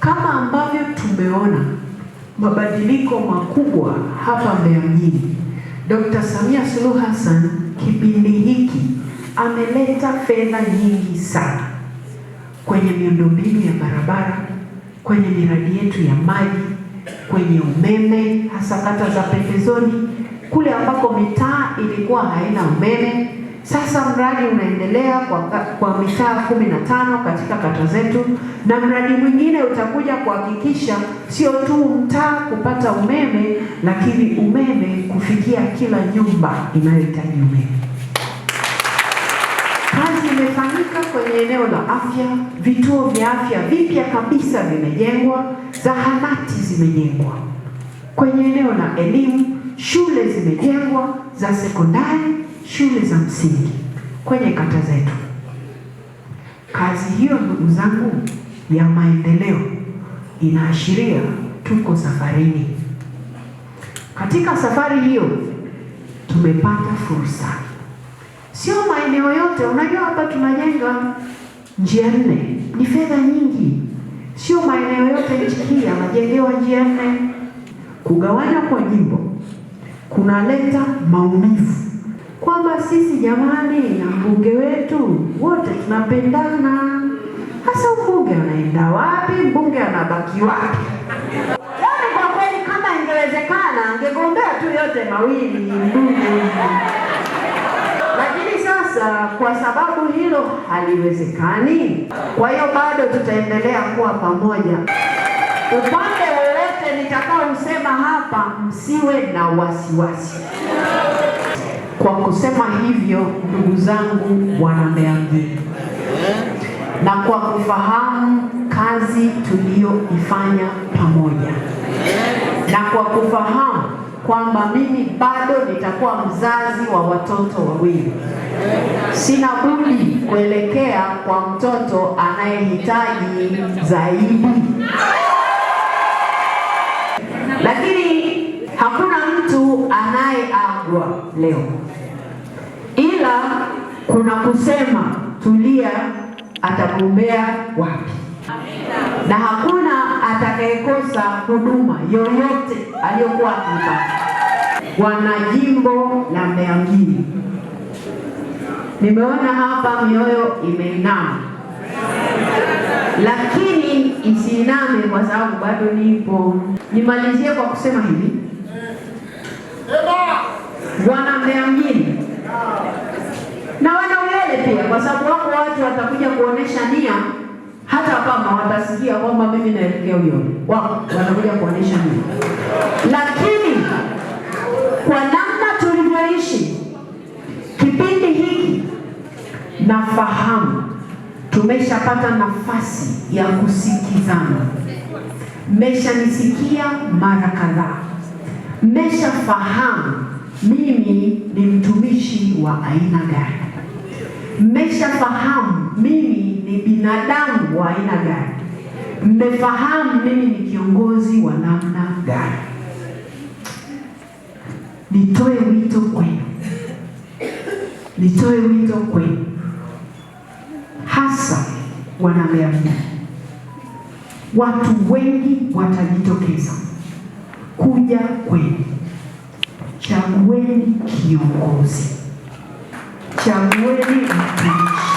Kama ambavyo tumeona mabadiliko makubwa hapa Mbeya mjini, Dkt. Samia Suluhu Hassan kipindi hiki ameleta fedha nyingi sana kwenye miundombinu ya barabara, kwenye miradi yetu ya maji, kwenye umeme, hasa kata za pembezoni kule ambako mitaa ilikuwa haina umeme sasa mradi unaendelea kwa, kwa mitaa kumi na tano katika kata zetu, na mradi mwingine utakuja kuhakikisha sio tu mtaa kupata umeme, lakini umeme kufikia kila nyumba inayohitaji umeme. Kazi imefanyika kwenye eneo la afya, vituo vya afya vipya kabisa vimejengwa, zahanati zimejengwa. Kwenye eneo la elimu, shule zimejengwa za sekondari shule za msingi kwenye kata zetu. Kazi hiyo ndugu zangu ya maendeleo inaashiria tuko safarini. Katika safari hiyo tumepata fursa, sio maeneo yote. Unajua, hapa tunajenga njia nne, ni fedha nyingi. Sio maeneo yote nchi hii yanajengewa njia nne. Kugawanya kwa jimbo kunaleta maumivu kwamba sisi jamani, na mbunge wetu wote tunapendana. Hasa mbunge anaenda wapi? Mbunge anabaki wapi? Yaani kwa kweli, kama ingewezekana angegombea tu yote mawili mbunge, lakini sasa kwa sababu hilo haliwezekani, kwa hiyo bado tutaendelea kuwa pamoja. Upande wowote nitakaosema hapa, msiwe na wasiwasi wasi. Kwa kusema hivyo, ndugu zangu wana Mbeya mjini, na kwa kufahamu kazi tuliyoifanya pamoja, na kwa kufahamu kwamba mimi bado nitakuwa mzazi wa watoto wawili, sina budi kuelekea kwa mtoto anayehitaji zaidi, lakini hakuna mtu anaye leo, ila kuna kusema Tulia atagombea wapi, na hakuna atakayekosa huduma yoyote aliyokuwa akipata. Wana jimbo la Mbeya mjini, nimeona hapa mioyo imeinama, lakini isiiname kwa sababu bado nipo. Nimalizie kwa kusema hivi wana Mbeya mjini na wana Ulele pia, kwa sababu wako watu watakuja kuonesha nia, hata kama watasikia kwamba mimi naelekea huyo, wako watakuja kuonesha nia, lakini kwa namna tulivyoishi kipindi hiki, nafahamu tumeshapata nafasi ya kusikizana. Mmeshanisikia mara kadhaa, mmeshafahamu mimi ni mtumishi wa aina gani? Mmeshafahamu mimi ni binadamu wa aina gani? Mmefahamu mimi ni kiongozi wa namna gani? Nitoe wito kwenu, nitoe wito kwenu, hasa wana Mbeya Mjini. Watu wengi watajitokeza kuja kwenu chagueni kiongozi, chagueni mtumishi.